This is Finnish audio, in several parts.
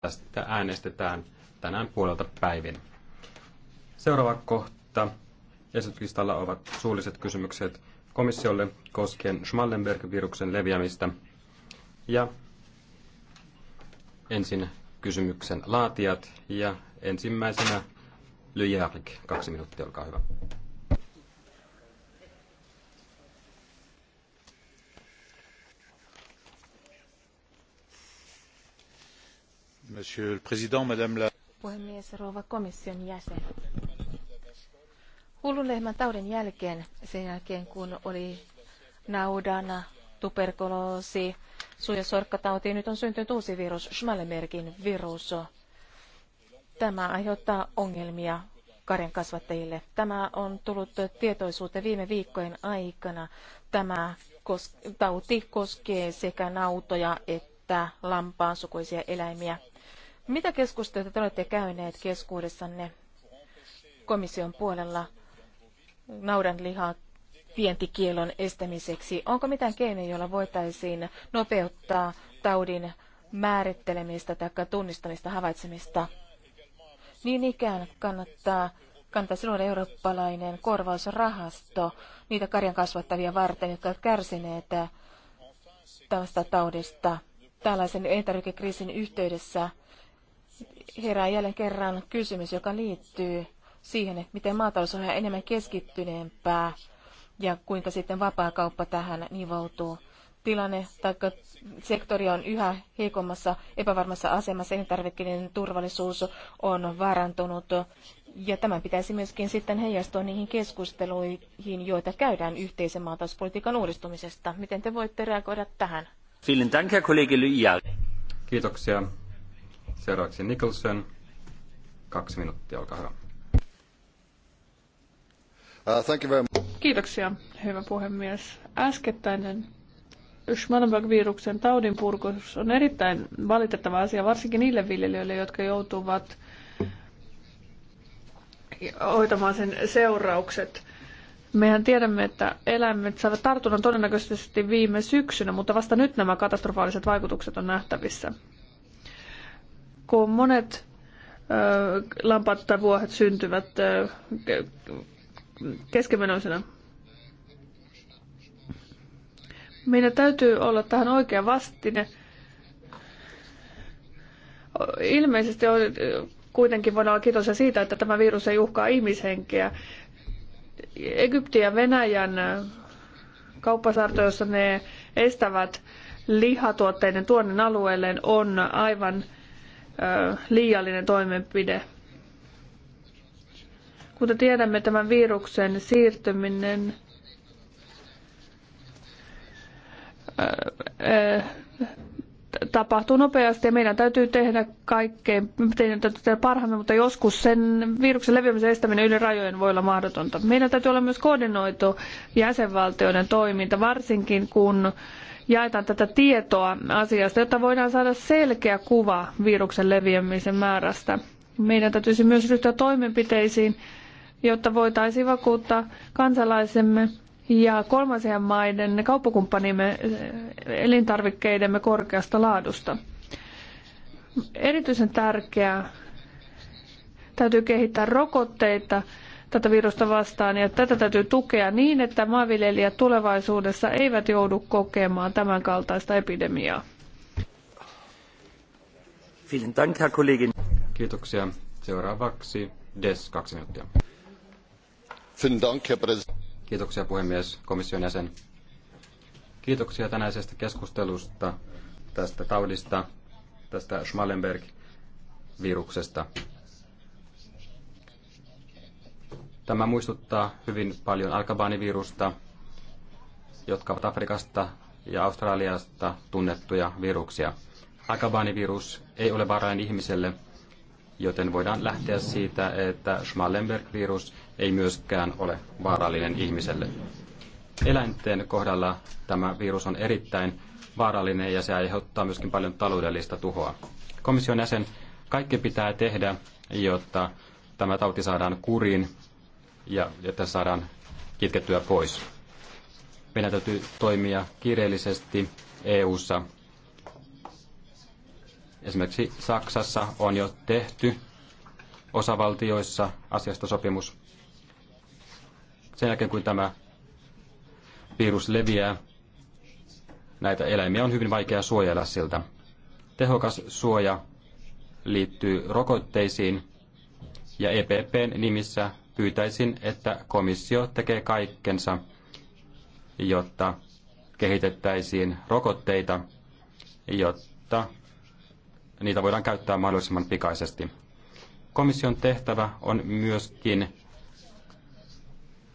Tästä äänestetään tänään puolelta päivin. Seuraava kohta esityslistalla ovat suulliset kysymykset komissiolle koskien Schmallenberg-viruksen leviämistä. Ja ensin kysymyksen laatijat ja ensimmäisenä Lyjärik, kaksi minuuttia, olkaa hyvä. Monsieur le Président, Madame la... Puhemies, rouva komission jäsen. Hullun lehmän taudin jälkeen, sen jälkeen kun oli naudana, tuberkuloosi, suu- ja sorkkatauti, nyt on syntynyt uusi virus, Schmallenbergin virus. Tämä aiheuttaa ongelmia karjan kasvattajille. Tämä on tullut tietoisuuteen viime viikkojen aikana. Tämä kos- tauti koskee sekä nautoja että lampaan sukuisia eläimiä. Mitä keskusteluita te olette käyneet keskuudessanne komission puolella naudanlihaa vientikielon estämiseksi? Onko mitään keinoja, joilla voitaisiin nopeuttaa taudin määrittelemistä tai tunnistamista, havaitsemista? Niin ikään kannattaa kannattaisi luoda eurooppalainen korvausrahasto niitä karjan kasvattavia varten, jotka ovat kärsineet tällaista taudista. Tällaisen elintarvikekriisin yhteydessä herää jälleen kerran kysymys, joka liittyy siihen, että miten maatalous on enemmän keskittyneempää ja kuinka sitten vapaakauppa tähän nivoutuu. Tilanne tai sektori on yhä heikommassa, epävarmassa asemassa, elintarvikkeiden turvallisuus on vaarantunut ja tämän pitäisi myöskin sitten heijastua niihin keskusteluihin, joita käydään yhteisen maatalouspolitiikan uudistumisesta. Miten te voitte reagoida tähän? Vielen Dank, Herr Kollege Kiitoksia. Seuraavaksi Nicholson. Kaksi minuuttia, olkaa hyvä. Uh, thank you very much. Kiitoksia, hyvä puhemies. Äskettäinen Schmallenberg-viruksen taudin purkus on erittäin valitettava asia, varsinkin niille viljelijöille, jotka joutuvat hoitamaan sen seuraukset. Mehän tiedämme, että eläimet saavat tartunnan todennäköisesti viime syksynä, mutta vasta nyt nämä katastrofaaliset vaikutukset on nähtävissä kun monet lampaat tai vuohet syntyvät keskimenoisena. Meidän täytyy olla tähän oikea vastine. Ilmeisesti on, kuitenkin voidaan olla kiitos siitä, että tämä virus ei uhkaa ihmishenkeä. Egypti ja Venäjän kauppasaarto, jossa ne estävät lihatuotteiden tuonnin alueelleen, on aivan liiallinen toimenpide. Kuten tiedämme, tämän viruksen siirtyminen tapahtuu nopeasti ja meidän täytyy tehdä kaikkein, meidän täytyy tehdä parhaamme, mutta joskus sen viruksen leviämisen estäminen yli rajojen voi olla mahdotonta. Meidän täytyy olla myös koordinoitu jäsenvaltioiden toiminta, varsinkin kun jaetaan tätä tietoa asiasta, jotta voidaan saada selkeä kuva viruksen leviämisen määrästä. Meidän täytyisi myös ryhtyä toimenpiteisiin, jotta voitaisiin vakuuttaa kansalaisemme ja kolmansien maiden kauppakumppanimme eh, elintarvikkeidemme korkeasta laadusta. Erityisen tärkeää täytyy kehittää rokotteita, tätä virusta vastaan. Ja tätä täytyy tukea niin, että maanviljelijät tulevaisuudessa eivät joudu kokemaan tämän kaltaista epidemiaa. Kiitoksia. Seuraavaksi Des, kaksi minuuttia. Kiitoksia puhemies, komission jäsen. Kiitoksia tänäisestä keskustelusta tästä taudista, tästä Schmallenberg-viruksesta. Tämä muistuttaa hyvin paljon alkabaanivirusta, jotka ovat Afrikasta ja Australiasta tunnettuja viruksia. Alkabaanivirus ei ole vaarallinen ihmiselle, joten voidaan lähteä siitä, että Schmallenberg-virus ei myöskään ole vaarallinen ihmiselle. Eläinten kohdalla tämä virus on erittäin vaarallinen ja se aiheuttaa myöskin paljon taloudellista tuhoa. Komission jäsen, kaikki pitää tehdä, jotta tämä tauti saadaan kuriin ja että saadaan kitkettyä pois. Meidän täytyy toimia kiireellisesti EU:ssa. Esimerkiksi Saksassa on jo tehty osavaltioissa asiasta sopimus. Sen jälkeen kun tämä virus leviää, näitä eläimiä on hyvin vaikea suojella siltä. Tehokas suoja liittyy rokotteisiin ja EPPn nimissä pyytäisin, että komissio tekee kaikkensa, jotta kehitettäisiin rokotteita, jotta niitä voidaan käyttää mahdollisimman pikaisesti. Komission tehtävä on myöskin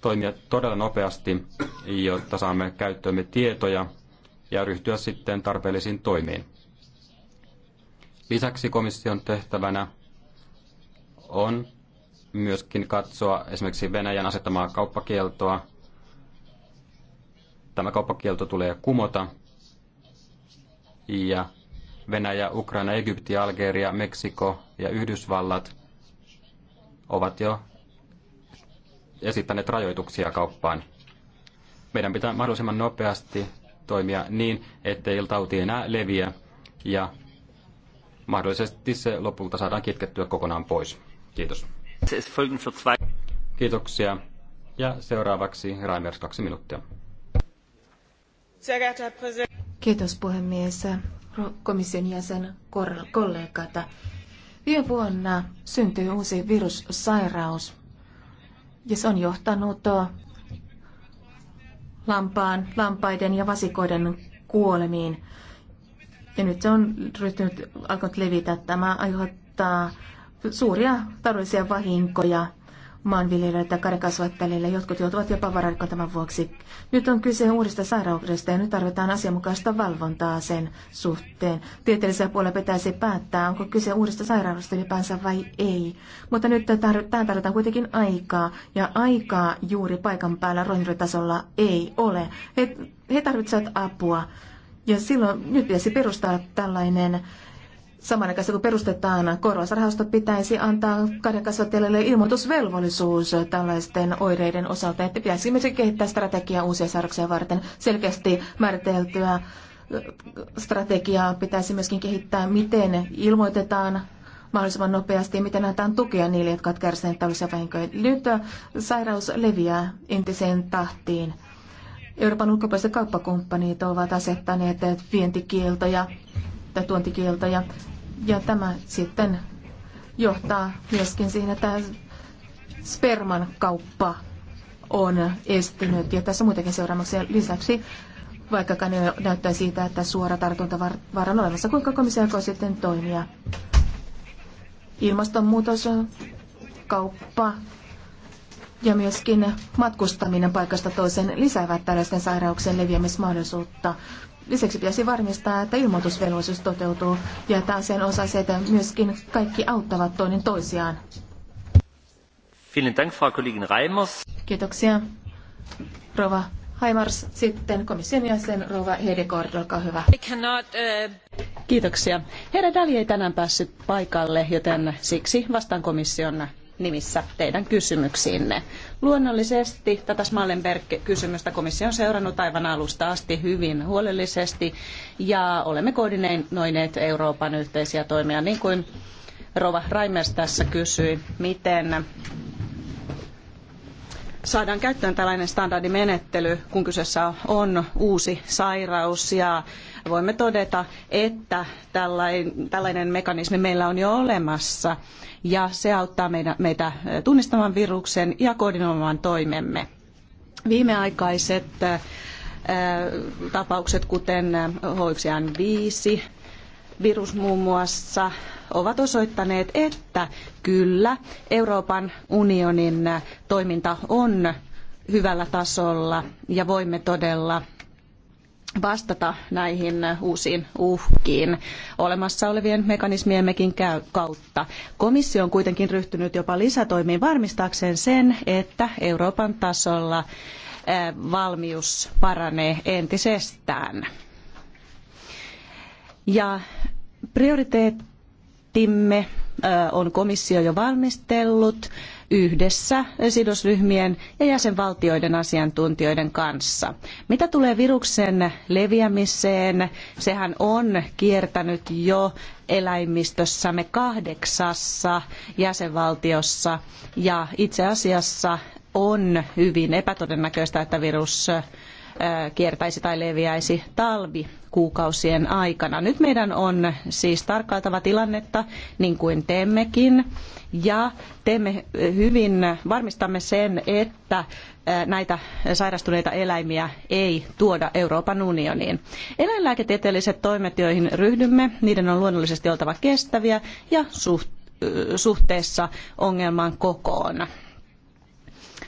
toimia todella nopeasti, jotta saamme käyttöömme tietoja ja ryhtyä sitten tarpeellisiin toimiin. Lisäksi komission tehtävänä on myöskin katsoa esimerkiksi Venäjän asettamaa kauppakieltoa. Tämä kauppakielto tulee kumota. Ja Venäjä, Ukraina, Egypti, Algeria, Meksiko ja Yhdysvallat ovat jo esittäneet rajoituksia kauppaan. Meidän pitää mahdollisimman nopeasti toimia niin, ettei tauti enää leviä ja mahdollisesti se lopulta saadaan kitkettyä kokonaan pois. Kiitos. Kiitoksia. Ja seuraavaksi Raimers kaksi minuuttia. Kiitos puhemies, komission jäsen kollegata. Viime vuonna syntyi uusi virussairaus ja se on johtanut lampaan, lampaiden ja vasikoiden kuolemiin. Ja nyt se on ryhtynyt, alkanut levitä. Tämä aiheuttaa suuria taloudellisia vahinkoja maanviljelijöille tai karjakasvattajille. Jotkut joutuvat jopa vararikkoon tämän vuoksi. Nyt on kyse uudesta sairaudesta ja nyt tarvitaan asianmukaista valvontaa sen suhteen. Tieteellisellä puolella pitäisi päättää, onko kyse uudesta sairaudesta ylipäänsä vai ei. Mutta nyt tähän tarvitaan kuitenkin aikaa ja aikaa juuri paikan päällä ruohonjuuritasolla ei ole. He, he tarvitsevat apua. Ja silloin nyt pitäisi perustaa tällainen Samanaikaisesti kun perustetaan korvausrahasto, pitäisi antaa karjakasvattajille ilmoitusvelvollisuus tällaisten oireiden osalta, että pitäisi myös kehittää strategiaa uusia sairauksia varten selkeästi määriteltyä strategiaa pitäisi myöskin kehittää, miten ilmoitetaan mahdollisimman nopeasti ja miten annetaan tukea niille, jotka ovat kärsineet tällaisia vahinkoja. Nyt sairaus leviää entiseen tahtiin. Euroopan ulkopuoliset kauppakumppanit ovat asettaneet vientikieltoja tai tuontikieltoja. Ja tämä sitten johtaa myöskin siihen, että sperman kauppa on estynyt. Ja tässä muitakin seuraamuksia lisäksi, vaikka ne näyttää siitä, että suora tartuntavaara on olemassa. Kuinka komissio aikoo sitten toimia? Ilmastonmuutos, kauppa ja myöskin matkustaminen paikasta toiseen lisäävät tällaisten sairauksien leviämismahdollisuutta. Lisäksi pitäisi varmistaa, että ilmoitusvelvollisuus toteutuu ja että asian osaiset myöskin kaikki auttavat toinen toisiaan. Vielen Dank, Frau Kollegin Reimers. Kiitoksia. Rova Haimars, sitten komission jäsen Rova Hedegaard, olkaa hyvä. cannot. Uh, Kiitoksia. Herra Dali ei tänään päässyt paikalle, joten siksi vastaan komission nimissä teidän kysymyksiinne. Luonnollisesti tätä Smallenberg-kysymystä komissio on seurannut aivan alusta asti hyvin huolellisesti ja olemme koordinoineet Euroopan yhteisiä toimia niin kuin Rova Raimers tässä kysyi, miten saadaan käyttöön tällainen standardimenettely, kun kyseessä on uusi sairaus ja voimme todeta, että tällainen, tällainen mekanismi meillä on jo olemassa ja se auttaa meitä tunnistamaan viruksen ja koordinoimaan toimemme. Viimeaikaiset tapaukset, kuten H1N5, virus muun muassa, ovat osoittaneet, että kyllä Euroopan unionin toiminta on hyvällä tasolla ja voimme todella vastata näihin uusiin uhkiin olemassa olevien mekanismiemmekin kautta. Komissio on kuitenkin ryhtynyt jopa lisätoimiin varmistaakseen sen, että Euroopan tasolla eh, valmius paranee entisestään. Ja prioriteettimme eh, on komissio jo valmistellut yhdessä sidosryhmien ja jäsenvaltioiden asiantuntijoiden kanssa. Mitä tulee viruksen leviämiseen, sehän on kiertänyt jo eläimistössämme kahdeksassa jäsenvaltiossa ja itse asiassa on hyvin epätodennäköistä, että virus kiertäisi tai leviäisi talvi kuukausien aikana. Nyt meidän on siis tarkkailtava tilannetta niin kuin teemmekin ja teemme hyvin, varmistamme sen, että näitä sairastuneita eläimiä ei tuoda Euroopan unioniin. Eläinlääketieteelliset toimet, joihin ryhdymme, niiden on luonnollisesti oltava kestäviä ja suhteessa ongelman kokoon.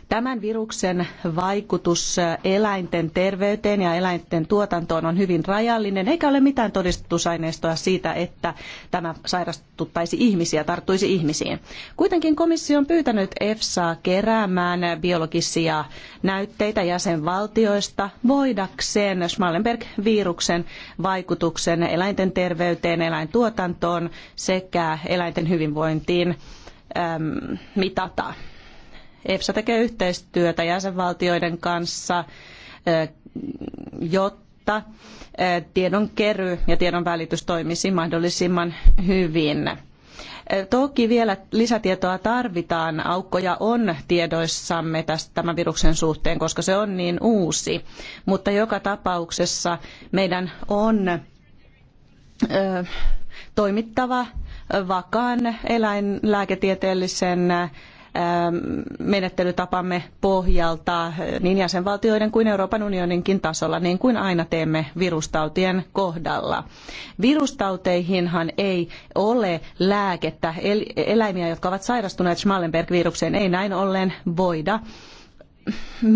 Tämän viruksen vaikutus eläinten terveyteen ja eläinten tuotantoon on hyvin rajallinen, eikä ole mitään todistusaineistoa siitä, että tämä sairastuttaisi ihmisiä, tarttuisi ihmisiin. Kuitenkin komissio on pyytänyt EFSAa keräämään biologisia näytteitä jäsenvaltioista voidakseen Schmallenberg-viruksen vaikutuksen eläinten terveyteen, eläintuotantoon sekä eläinten hyvinvointiin äm, mitata. EFSA tekee yhteistyötä jäsenvaltioiden kanssa, jotta tiedon kery ja tiedon välitys toimisi mahdollisimman hyvin. Toki vielä lisätietoa tarvitaan, aukkoja on tiedoissamme tästä, tämän viruksen suhteen, koska se on niin uusi. Mutta joka tapauksessa meidän on ö, toimittava vakaan eläinlääketieteellisen Ähm, menettelytapamme pohjalta niin jäsenvaltioiden kuin Euroopan unioninkin tasolla, niin kuin aina teemme virustautien kohdalla. Virustauteihinhan ei ole lääkettä. Eläimiä, jotka ovat sairastuneet Schmallenberg-virukseen, ei näin ollen voida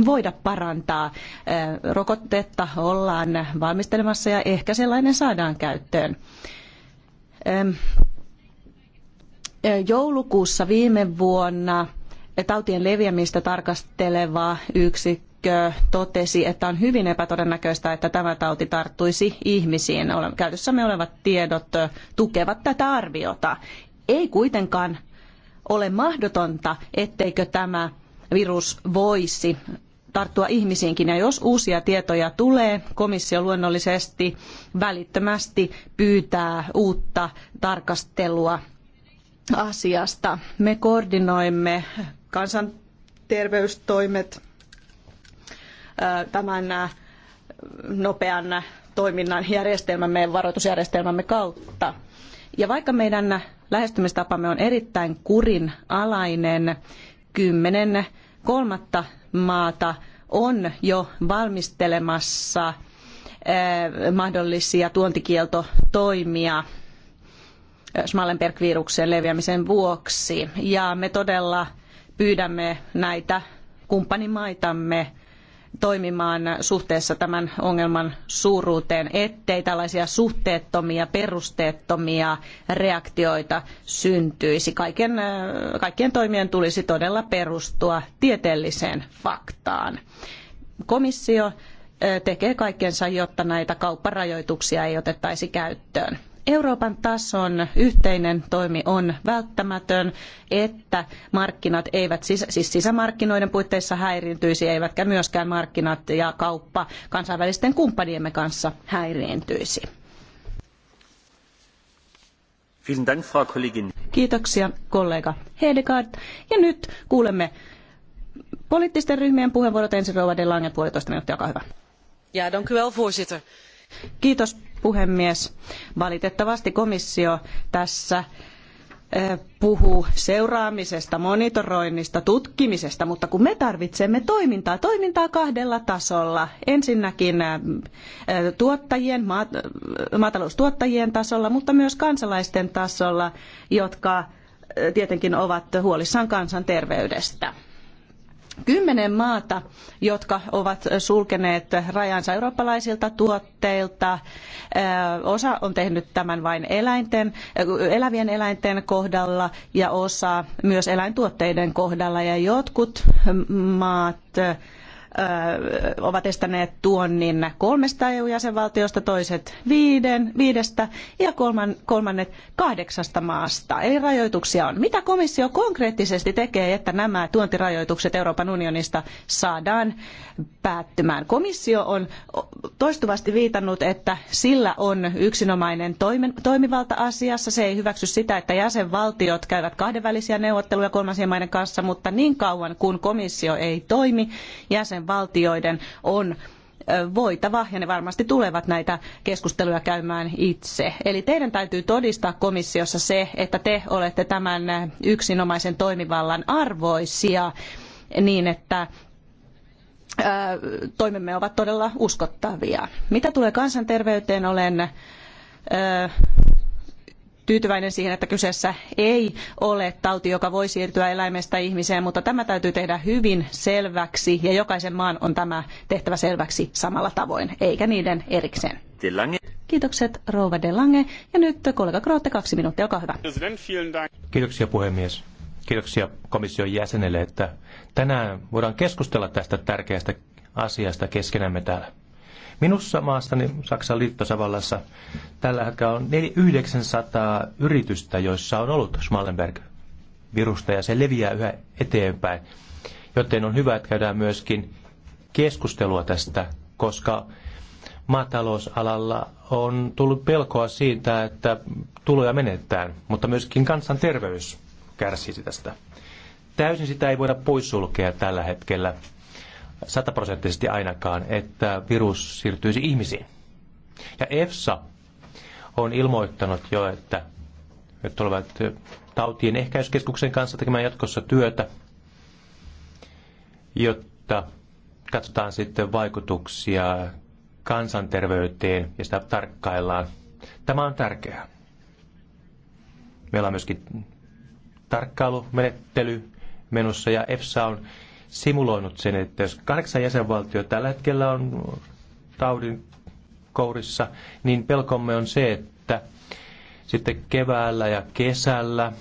voida parantaa. Äh, rokotetta ollaan valmistelemassa ja ehkä sellainen saadaan käyttöön ähm, Joulukuussa viime vuonna tautien leviämistä tarkasteleva yksikkö totesi, että on hyvin epätodennäköistä, että tämä tauti tarttuisi ihmisiin. Käytössämme olevat tiedot tukevat tätä arviota. Ei kuitenkaan ole mahdotonta, etteikö tämä virus voisi tarttua ihmisiinkin. Ja jos uusia tietoja tulee, komissio luonnollisesti välittömästi pyytää uutta tarkastelua asiasta. Me koordinoimme kansanterveystoimet äh, tämän äh, nopean toiminnan järjestelmämme, varoitusjärjestelmämme kautta. Ja vaikka meidän lähestymistapamme on erittäin kurin alainen, kymmenen kolmatta maata on jo valmistelemassa äh, mahdollisia tuontikieltotoimia Schmallenberg-viruksen leviämisen vuoksi. Ja me todella pyydämme näitä kumppanimaitamme toimimaan suhteessa tämän ongelman suuruuteen, ettei tällaisia suhteettomia, perusteettomia reaktioita syntyisi. Kaiken, kaikkien toimien tulisi todella perustua tieteelliseen faktaan. Komissio tekee kaikkensa, jotta näitä kaupparajoituksia ei otettaisi käyttöön. Euroopan tason yhteinen toimi on välttämätön, että markkinat eivät, siis sisämarkkinoiden puitteissa häiriintyisi, eivätkä myöskään markkinat ja kauppa kansainvälisten kumppaniemme kanssa häiriintyisi. Kiitoksia kollega Hedegaard. Ja nyt kuulemme poliittisten ryhmien puheenvuorot ensin Rouva de Lange puolitoista minuuttia, olkaa hyvä. Ja, dank u wel, voorzitter. Kiitos puhemies. Valitettavasti komissio tässä puhuu seuraamisesta, monitoroinnista, tutkimisesta, mutta kun me tarvitsemme toimintaa, toimintaa kahdella tasolla. Ensinnäkin tuottajien, maataloustuottajien tasolla, mutta myös kansalaisten tasolla, jotka tietenkin ovat huolissaan kansanterveydestä. Kymmenen maata, jotka ovat sulkeneet rajansa eurooppalaisilta tuotteilta. Osa on tehnyt tämän vain eläinten, elävien eläinten kohdalla ja osa myös eläintuotteiden kohdalla. Ja jotkut maat ovat estäneet tuonnin kolmesta EU-jäsenvaltiosta, toiset viiden, viidestä ja kolman, kolmannet kahdeksasta maasta. Eli rajoituksia on. Mitä komissio konkreettisesti tekee, että nämä tuontirajoitukset Euroopan unionista saadaan päättymään? Komissio on toistuvasti viitannut, että sillä on yksinomainen toimivalta asiassa. Se ei hyväksy sitä, että jäsenvaltiot käyvät kahdenvälisiä neuvotteluja kolmansien maiden kanssa, mutta niin kauan kuin komissio ei toimi, jäsen jäsenvaltioiden on voitava, ja ne varmasti tulevat näitä keskusteluja käymään itse. Eli teidän täytyy todistaa komissiossa se, että te olette tämän yksinomaisen toimivallan arvoisia niin, että toimemme ovat todella uskottavia. Mitä tulee kansanterveyteen, olen tyytyväinen siihen, että kyseessä ei ole tauti, joka voi siirtyä eläimestä ihmiseen, mutta tämä täytyy tehdä hyvin selväksi ja jokaisen maan on tämä tehtävä selväksi samalla tavoin, eikä niiden erikseen. Kiitokset Rouva de Lange. Ja nyt kollega Krootte, kaksi minuuttia, olkaa hyvä. Kiitoksia puhemies. Kiitoksia komission jäsenelle, että tänään voidaan keskustella tästä tärkeästä asiasta keskenämme täällä. Minussa maastani Saksan liittosavallassa tällä hetkellä on 900 yritystä, joissa on ollut Schmallenberg-virusta ja se leviää yhä eteenpäin. Joten on hyvä, että käydään myöskin keskustelua tästä, koska maatalousalalla on tullut pelkoa siitä, että tuloja menettää, mutta myöskin kansanterveys kärsisi tästä. Täysin sitä ei voida poissulkea tällä hetkellä sataprosenttisesti ainakaan, että virus siirtyisi ihmisiin. Ja EFSA on ilmoittanut jo, että tulevat tautien ehkäyskeskuksen kanssa tekemään jatkossa työtä, jotta katsotaan sitten vaikutuksia kansanterveyteen ja sitä tarkkaillaan. Tämä on tärkeää. Meillä on myöskin tarkkailumenettely menossa ja EFSA on simuloinut sen, että jos kahdeksan jäsenvaltiota tällä hetkellä on taudin kourissa, niin pelkomme on se, että sitten keväällä ja kesällä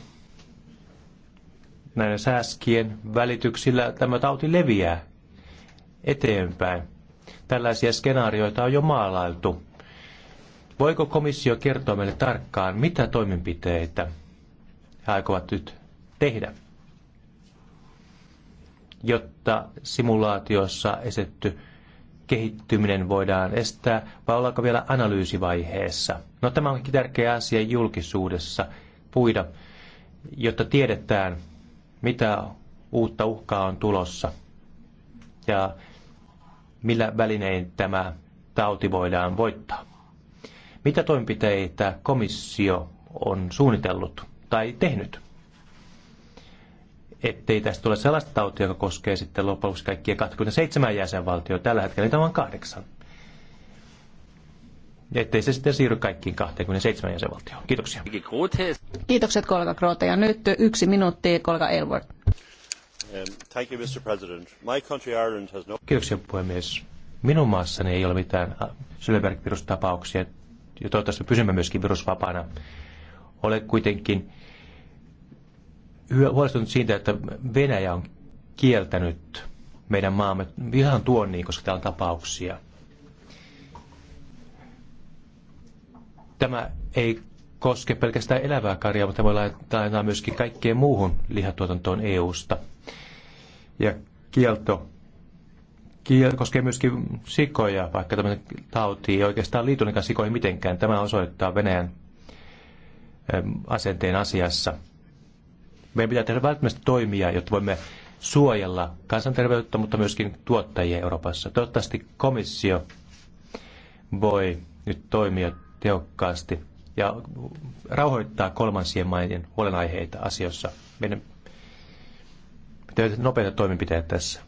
näiden sääskien välityksillä tämä tauti leviää eteenpäin. Tällaisia skenaarioita on jo maalailtu. Voiko komissio kertoa meille tarkkaan, mitä toimenpiteitä he aikovat nyt tehdä? jotta simulaatiossa esitetty kehittyminen voidaan estää, vai ollaanko vielä analyysivaiheessa? No tämä onkin tärkeä asia julkisuudessa puida, jotta tiedetään, mitä uutta uhkaa on tulossa ja millä välinein tämä tauti voidaan voittaa. Mitä toimenpiteitä komissio on suunnitellut tai tehnyt? ettei tästä tule sellaista tautia, joka koskee sitten lopuksi kaikkia 27 jäsenvaltioita. Tällä hetkellä niitä on kahdeksan. Ettei se sitten siirry kaikkiin 27 jäsenvaltioon. Kiitoksia. Kiitokset kollega Kroote. Ja nyt yksi minuutti kollega Elward. Um, no- Kiitoksia puhemies. Minun maassani ei ole mitään äh, Sylberg-virustapauksia ja toivottavasti pysymme myöskin virusvapaana. Olen kuitenkin huolestunut siitä, että Venäjä on kieltänyt meidän maamme vihan tuonniin, koska täällä on tapauksia. Tämä ei koske pelkästään elävää karjaa, mutta voi laittaa myöskin kaikkeen muuhun lihatuotantoon EU-sta. Ja kielto kielto koskee myöskin sikoja, vaikka tämä tauti ei oikeastaan liity sikoihin mitenkään. Tämä osoittaa Venäjän asenteen asiassa. Meidän pitää tehdä välttämättä toimia, jotta voimme suojella kansanterveyttä, mutta myöskin tuottajia Euroopassa. Toivottavasti komissio voi nyt toimia tehokkaasti ja rauhoittaa kolmansien maiden huolenaiheita asioissa. Meidän pitää nopeita toimenpiteitä tässä.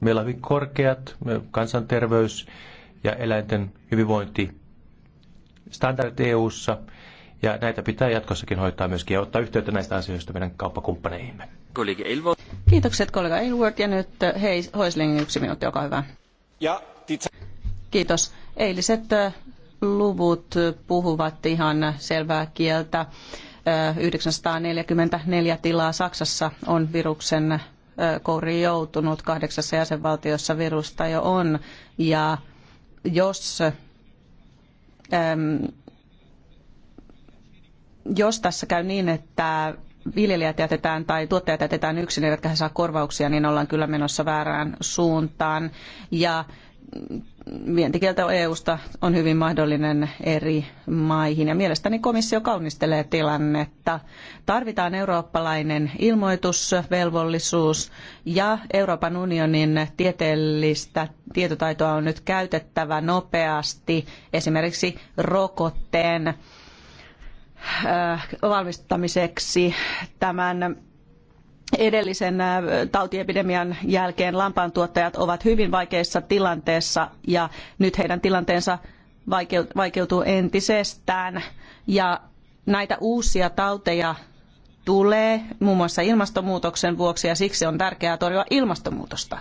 Meillä on hyvin korkeat kansanterveys- ja eläinten hyvinvointi standardit EU-ssa ja näitä pitää jatkossakin hoitaa myöskin ja ottaa yhteyttä näistä asioista meidän kauppakumppaneihimme. Kiitokset kollega Aylward ja nyt eh, hei, Hoisling yksi minuutti, olkaa hyvä. Ja, Kiitos. Eiliset eh, luvut puhuvat ihan selvää kieltä. 944 eh, tilaa Saksassa on viruksen kouri joutunut. Kahdeksassa jäsenvaltiossa virusta jo on. Ja jos jos tässä käy niin, että viljelijät jätetään tai tuottajat jätetään yksin, eivätkä he saa korvauksia, niin ollaan kyllä menossa väärään suuntaan. Ja vientikieltä EUsta on hyvin mahdollinen eri maihin. Ja mielestäni komissio kaunistelee tilannetta. Tarvitaan eurooppalainen ilmoitusvelvollisuus ja Euroopan unionin tieteellistä tietotaitoa on nyt käytettävä nopeasti esimerkiksi rokotteen Äh, valmistamiseksi tämän edellisen äh, tautiepidemian jälkeen lampaantuottajat ovat hyvin vaikeissa tilanteessa ja nyt heidän tilanteensa vaikeutuu entisestään ja näitä uusia tauteja tulee muun muassa ilmastonmuutoksen vuoksi ja siksi on tärkeää torjua ilmastonmuutosta.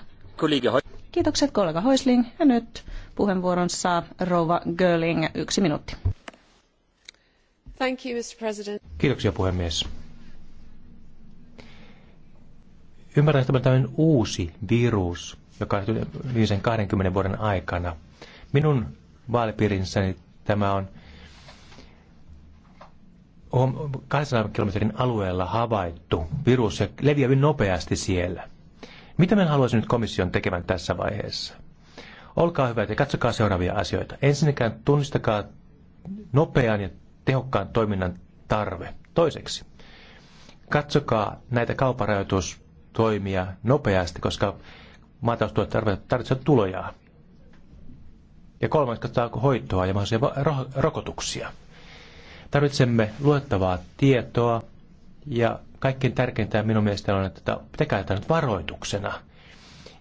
Kiitokset kollega Hoisling ja nyt puheenvuoron saa rouva Görling yksi minuutti. Thank you, Mr. President. Kiitoksia puhemies. Ymmärrän, että tämä on uusi virus, joka on viimeisen 20 vuoden aikana. Minun vaalipiirissäni tämä on 200 kilometrin alueella havaittu virus ja leviää hyvin nopeasti siellä. Mitä minä haluaisin nyt komission tekevän tässä vaiheessa? Olkaa hyvä ja katsokaa seuraavia asioita. Ensinnäkin tunnistakaa nopean ja tehokkaan toiminnan tarve. Toiseksi, katsokaa näitä kauparajoitustoimia nopeasti, koska maataloustuot tarvitsevat tuloja Ja kolmanneksi, katsotaanko hoitoa ja mahdollisia rokotuksia. Tarvitsemme luettavaa tietoa ja kaikkein tärkeintä minun mielestäni on, että pitäkää tämä nyt varoituksena.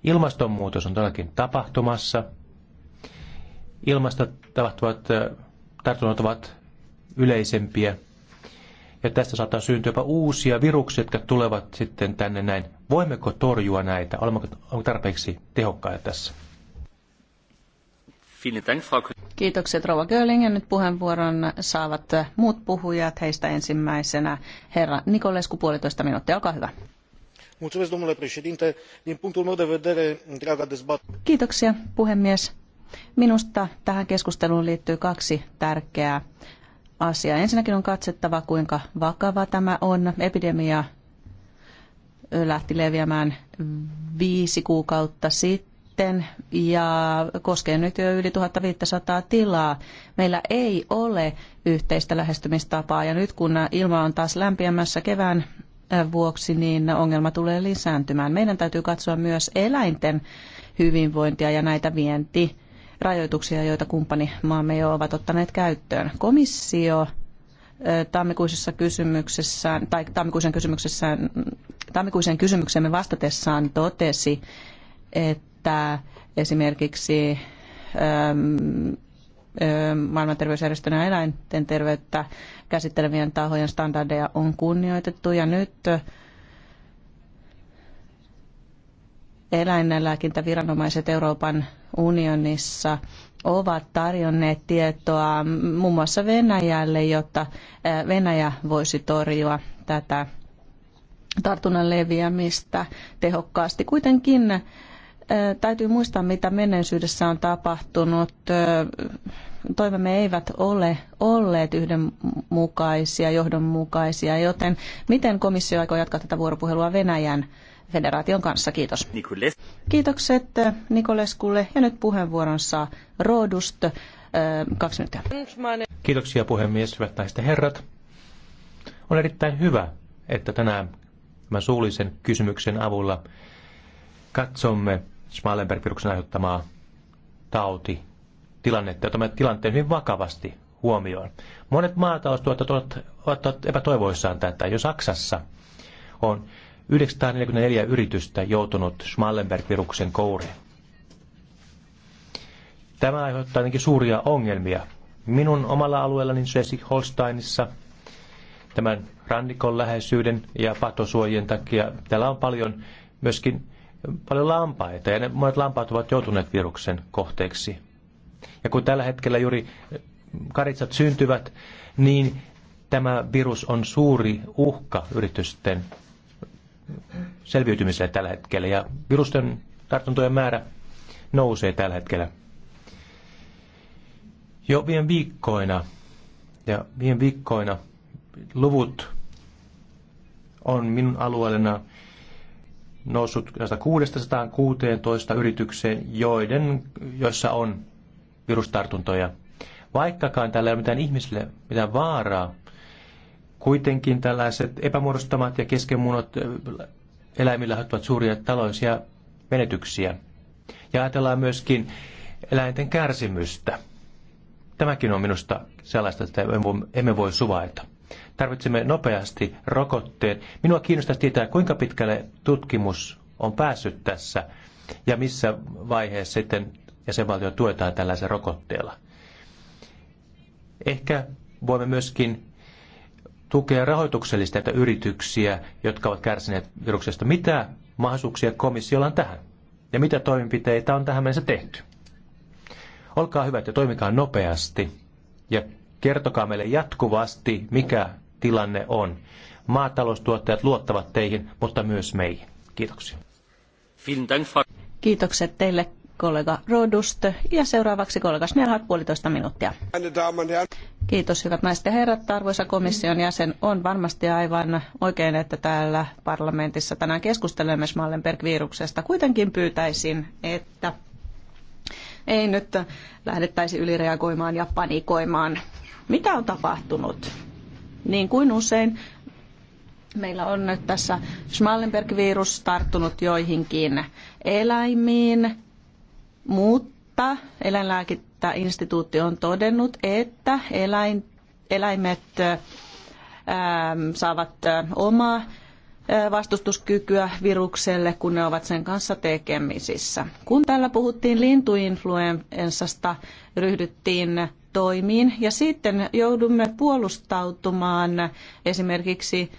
Ilmastonmuutos on todellakin tapahtumassa. Ilmasta tapahtuvat tartunnat ovat yleisempiä. Ja tästä saattaa syntyä jopa uusia viruksia, jotka tulevat sitten tänne näin. Voimmeko torjua näitä? Olemmeko tarpeeksi tehokkaita tässä? Kiitokset Rova Göling ja nyt puheenvuoron saavat muut puhujat. Heistä ensimmäisenä herra Nikolesku, puolitoista minuuttia. Olkaa hyvä. Kiitoksia puhemies. Minusta tähän keskusteluun liittyy kaksi tärkeää asia. Ensinnäkin on katsettava, kuinka vakava tämä on. Epidemia lähti leviämään viisi kuukautta sitten ja koskee nyt jo yli 1500 tilaa. Meillä ei ole yhteistä lähestymistapaa ja nyt kun ilma on taas lämpiämässä kevään vuoksi, niin ongelma tulee lisääntymään. Meidän täytyy katsoa myös eläinten hyvinvointia ja näitä vienti rajoituksia, joita kumppanimaamme jo ovat ottaneet käyttöön. Komissio tammikuisessa kysymyksessään, tai tammikuisen kysymyksessään, tammikuisen kysymyksemme vastatessaan totesi, että esimerkiksi maailman terveysjärjestön ja eläinten terveyttä käsittelevien tahojen standardeja on kunnioitettu ja nyt eläinlääkintäviranomaiset Euroopan unionissa ovat tarjonneet tietoa muun muassa Venäjälle, jotta Venäjä voisi torjua tätä tartunnan leviämistä tehokkaasti. Kuitenkin täytyy muistaa, mitä menneisyydessä on tapahtunut. Toimemme eivät ole olleet yhdenmukaisia, johdonmukaisia, joten miten komissio aikoo jatkaa tätä vuoropuhelua Venäjän federaation kanssa. Kiitos. Nikoles. Kiitokset äh, Nikoleskulle ja nyt puheenvuoron saa Roodust. Äh, kaksi minuuttia. Kiitoksia puhemies, hyvät naiset herrat. On erittäin hyvä, että tänään tämän suullisen kysymyksen avulla katsomme Schmallenberg-viruksen aiheuttamaa tauti tilannetta ja otamme tilanteen hyvin vakavasti huomioon. Monet maataloustuottajat ovat, ovat epätoivoissaan tätä. Jo Saksassa on 944 yritystä joutunut Schmallenberg-viruksen kouriin. Tämä aiheuttaa ainakin suuria ongelmia. Minun omalla alueellani Schleswig-Holsteinissa tämän rannikon läheisyyden ja patosuojien takia täällä on paljon myöskin paljon lampaita ja ne monet lampaat ovat joutuneet viruksen kohteeksi. Ja kun tällä hetkellä juuri karitsat syntyvät, niin tämä virus on suuri uhka yritysten selviytymiselle tällä hetkellä ja virusten tartuntojen määrä nousee tällä hetkellä. Jo viime viikkoina ja viime viikkoina luvut on minun alueellena noussut 616 yritykseen, joiden, joissa on virustartuntoja. Vaikkakaan tällä ei ole mitään ihmisille mitään vaaraa, kuitenkin tällaiset epämuodostamat ja keskenmuunnot eläimillä aiheuttavat suuria taloudellisia menetyksiä. Ja ajatellaan myöskin eläinten kärsimystä. Tämäkin on minusta sellaista, että emme voi suvaita. Tarvitsemme nopeasti rokotteen. Minua kiinnostaisi tietää, kuinka pitkälle tutkimus on päässyt tässä ja missä vaiheessa sitten jäsenvaltio tuetaan tällaisella rokotteella. Ehkä voimme myöskin tukea rahoituksellisesti näitä yrityksiä, jotka ovat kärsineet viruksesta. Mitä mahdollisuuksia komissiolla on tähän? Ja mitä toimenpiteitä on tähän mennessä tehty? Olkaa hyvät ja toimikaa nopeasti ja kertokaa meille jatkuvasti, mikä tilanne on. Maataloustuottajat luottavat teihin, mutta myös meihin. Kiitoksia. Kiitokset teille kollega Rodust ja seuraavaksi kollega Snellhat puolitoista minuuttia. Kiitos hyvät naiset ja herrat. Arvoisa komission jäsen, on varmasti aivan oikein, että täällä parlamentissa tänään keskustelemme Schmallenberg-viruksesta. Kuitenkin pyytäisin, että ei nyt lähdettäisi ylireagoimaan ja panikoimaan. Mitä on tapahtunut? Niin kuin usein, meillä on nyt tässä Schmallenberg-virus tarttunut joihinkin eläimiin, mutta eläinlääkintäinstituutti on todennut, että eläin, eläimet saavat omaa vastustuskykyä virukselle, kun ne ovat sen kanssa tekemisissä. Kun täällä puhuttiin lintuinfluenssasta, ryhdyttiin toimiin ja sitten joudumme puolustautumaan esimerkiksi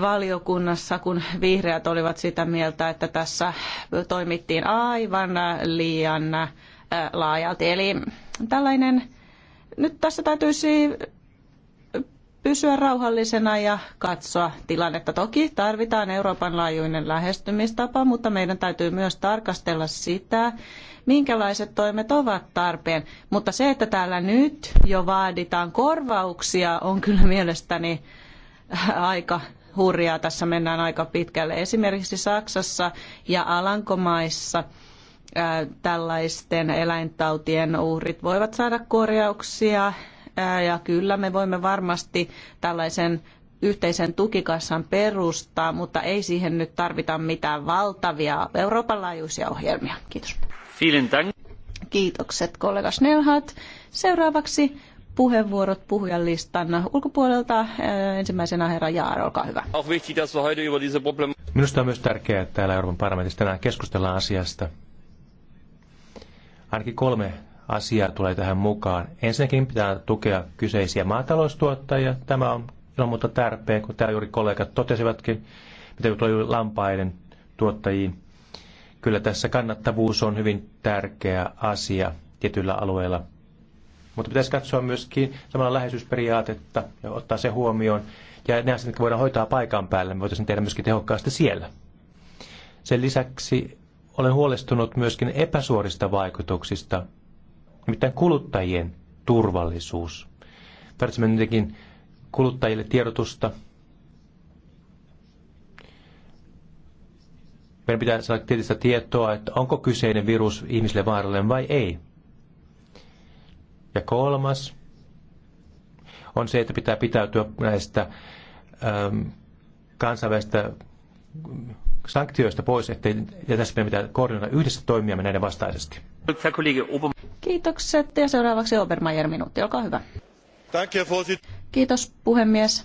valiokunnassa, kun vihreät olivat sitä mieltä, että tässä toimittiin aivan liian äh, laajalti. Eli tällainen, nyt tässä täytyisi pysyä rauhallisena ja katsoa tilannetta. Toki tarvitaan Euroopan laajuinen lähestymistapa, mutta meidän täytyy myös tarkastella sitä, minkälaiset toimet ovat tarpeen. Mutta se, että täällä nyt jo vaaditaan korvauksia, on kyllä mielestäni aika hurjaa. Tässä mennään aika pitkälle. Esimerkiksi Saksassa ja Alankomaissa tällaisten eläintautien uhrit voivat saada korjauksia. Ja kyllä me voimme varmasti tällaisen yhteisen tukikassan perustaa, mutta ei siihen nyt tarvita mitään valtavia Euroopan laajuisia ohjelmia. Kiitos. Kiitokset kollega Snellhat. Seuraavaksi puheenvuorot puhujalistan ulkopuolelta. Äh, ensimmäisenä herra Jaar, olkaa hyvä. Minusta on myös tärkeää, että täällä Euroopan parlamentissa tänään keskustellaan asiasta. Ainakin kolme asiaa tulee tähän mukaan. Ensinnäkin pitää tukea kyseisiä maataloustuottajia. Tämä on ilman muuta tärkeää, kun täällä juuri kollegat totesivatkin, mitä tulee juuri lampaiden tuottajiin. Kyllä tässä kannattavuus on hyvin tärkeä asia tietyillä alueilla. Mutta pitäisi katsoa myöskin samalla läheisyysperiaatetta ja ottaa se huomioon. Ja ne asiat, jotka voidaan hoitaa paikan päällä, me voitaisiin tehdä myöskin tehokkaasti siellä. Sen lisäksi olen huolestunut myöskin epäsuorista vaikutuksista, nimittäin kuluttajien turvallisuus. Tarvitsemme jotenkin kuluttajille tiedotusta. Meidän pitää saada tietystä tietoa, että onko kyseinen virus ihmisille vaarallinen vai ei. Ja kolmas on se, että pitää pitäytyä näistä ähm, kansainvälistä sanktioista pois, ettei, ja tässä meidän pitää koordinoida yhdessä toimiamme näiden vastaisesti. Kiitokset ja seuraavaksi Obermeier minuutti, olkaa hyvä. Kiitos puhemies.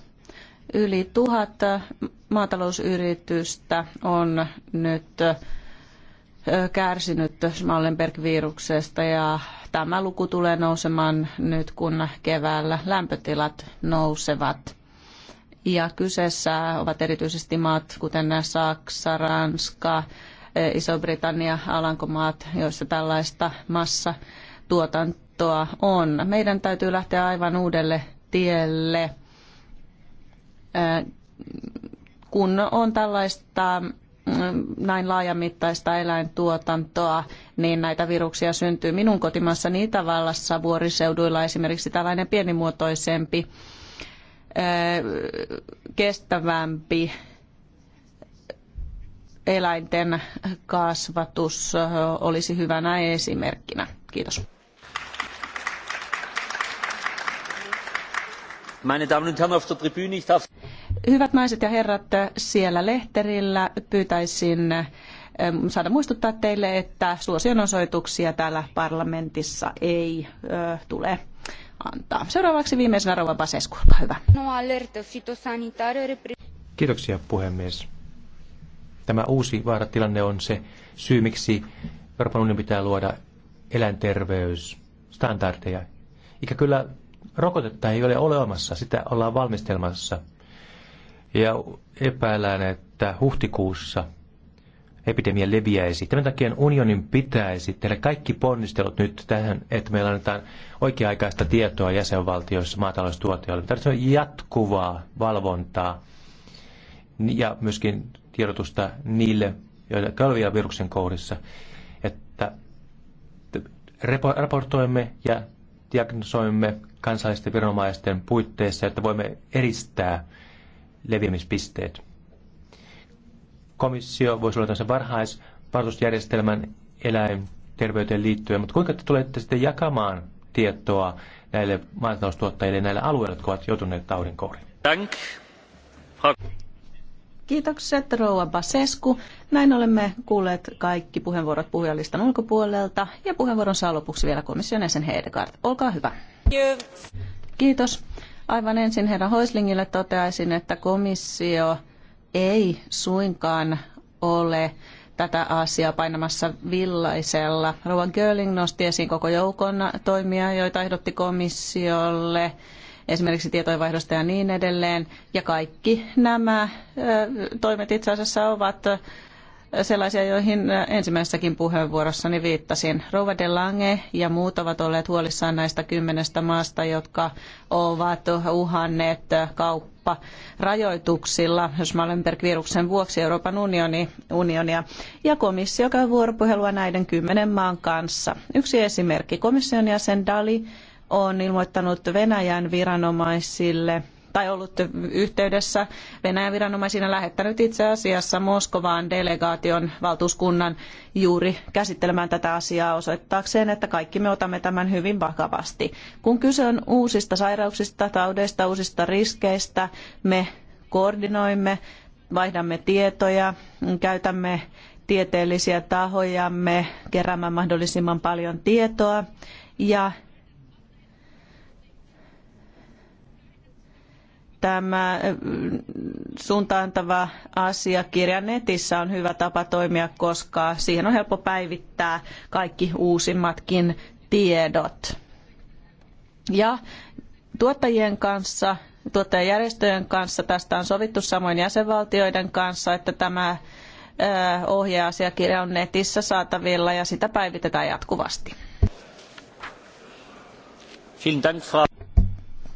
Yli tuhat maatalousyritystä on nyt äh, kärsinyt smallenberg viruksesta ja Tämä luku tulee nousemaan nyt, kun keväällä lämpötilat nousevat. Ja kyseessä ovat erityisesti maat, kuten Saksa, Ranska, e, Iso-Britannia, Alankomaat, joissa tällaista massatuotantoa on. Meidän täytyy lähteä aivan uudelle tielle, e, kun on tällaista näin laajamittaista eläintuotantoa, niin näitä viruksia syntyy. Minun kotimassani Itävallassa vuoriseuduilla esimerkiksi tällainen pienimuotoisempi, kestävämpi eläinten kasvatus olisi hyvänä esimerkkinä. Kiitos. Meine Damen und Herren auf der Tribüne, ich darf Hyvät naiset ja herrat, siellä lehterillä pyytäisin saada muistuttaa teille, että suosionosoituksia täällä parlamentissa ei ö, tule antaa. Seuraavaksi viimeisenä Rova Basescu, olkaa hyvä. Kiitoksia puhemies. Tämä uusi vaaratilanne on se syy, miksi Euroopan unionin pitää luoda eläinterveysstandardeja. Ikä kyllä rokotetta ei ole olemassa, sitä ollaan valmistelmassa – ja epäillään, että huhtikuussa epidemia leviäisi. Tämän takia unionin pitäisi tehdä kaikki ponnistelut nyt tähän, että meillä annetaan oikea-aikaista tietoa jäsenvaltioissa maataloustuotteille. on jatkuvaa valvontaa ja myöskin tiedotusta niille, joita on vielä viruksen kourissa, että raportoimme ja diagnosoimme kansallisten viranomaisten puitteissa, että voimme eristää leviämispisteet. Komissio voisi olla tässä varhaisvaroitusjärjestelmän eläinterveyteen liittyen, mutta kuinka te tulette sitten jakamaan tietoa näille maataloustuottajille näillä alueilla, jotka ovat joutuneet taudin kohdin? Dank. Kiitokset Rouva Basescu. Näin olemme kuulleet kaikki puheenvuorot puhujalistan ulkopuolelta ja puheenvuoron saa lopuksi vielä komission jäsen Hedegaard. Olkaa hyvä. Kiitos. Aivan ensin herra Hoislingille toteaisin, että komissio ei suinkaan ole tätä asiaa painamassa villaisella. Rova Görling nosti esiin koko joukon toimia, joita ehdotti komissiolle, esimerkiksi tietojenvaihdosta ja niin edelleen. Ja kaikki nämä toimet itse asiassa ovat sellaisia, joihin ensimmäisessäkin puheenvuorossani viittasin. Rouva de Lange ja muut ovat olleet huolissaan näistä kymmenestä maasta, jotka ovat uhanneet kauppa rajoituksilla Schmallenberg-viruksen vuoksi Euroopan unioni, unionia. Ja komissio käy vuoropuhelua näiden kymmenen maan kanssa. Yksi esimerkki. Komission jäsen Dali on ilmoittanut Venäjän viranomaisille – tai ollut yhteydessä Venäjän viranomaisiin ja lähettänyt itse asiassa Moskovaan delegaation valtuuskunnan juuri käsittelemään tätä asiaa osoittaakseen, että kaikki me otamme tämän hyvin vakavasti. Kun kyse on uusista sairauksista, taudeista, uusista riskeistä, me koordinoimme, vaihdamme tietoja, käytämme tieteellisiä tahojamme keräämään mahdollisimman paljon tietoa ja tämä suuntaantava asiakirja netissä on hyvä tapa toimia, koska siihen on helppo päivittää kaikki uusimmatkin tiedot. Ja tuottajien kanssa, tuottajajärjestöjen kanssa tästä on sovittu samoin jäsenvaltioiden kanssa, että tämä ohjeasiakirja on netissä saatavilla ja sitä päivitetään jatkuvasti.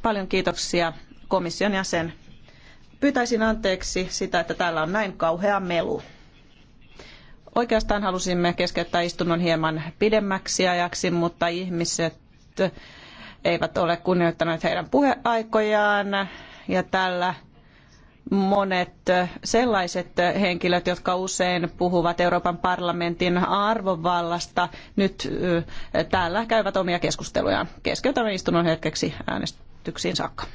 Paljon kiitoksia komission jäsen. Pyytäisin anteeksi sitä, että täällä on näin kauhea melu. Oikeastaan halusimme keskeyttää istunnon hieman pidemmäksi ajaksi, mutta ihmiset eivät ole kunnioittaneet heidän puheaikojaan ja tällä monet sellaiset henkilöt, jotka usein puhuvat Euroopan parlamentin arvovallasta, nyt täällä käyvät omia keskustelujaan. Keskeytämme istunnon hetkeksi äänestyksiin saakka.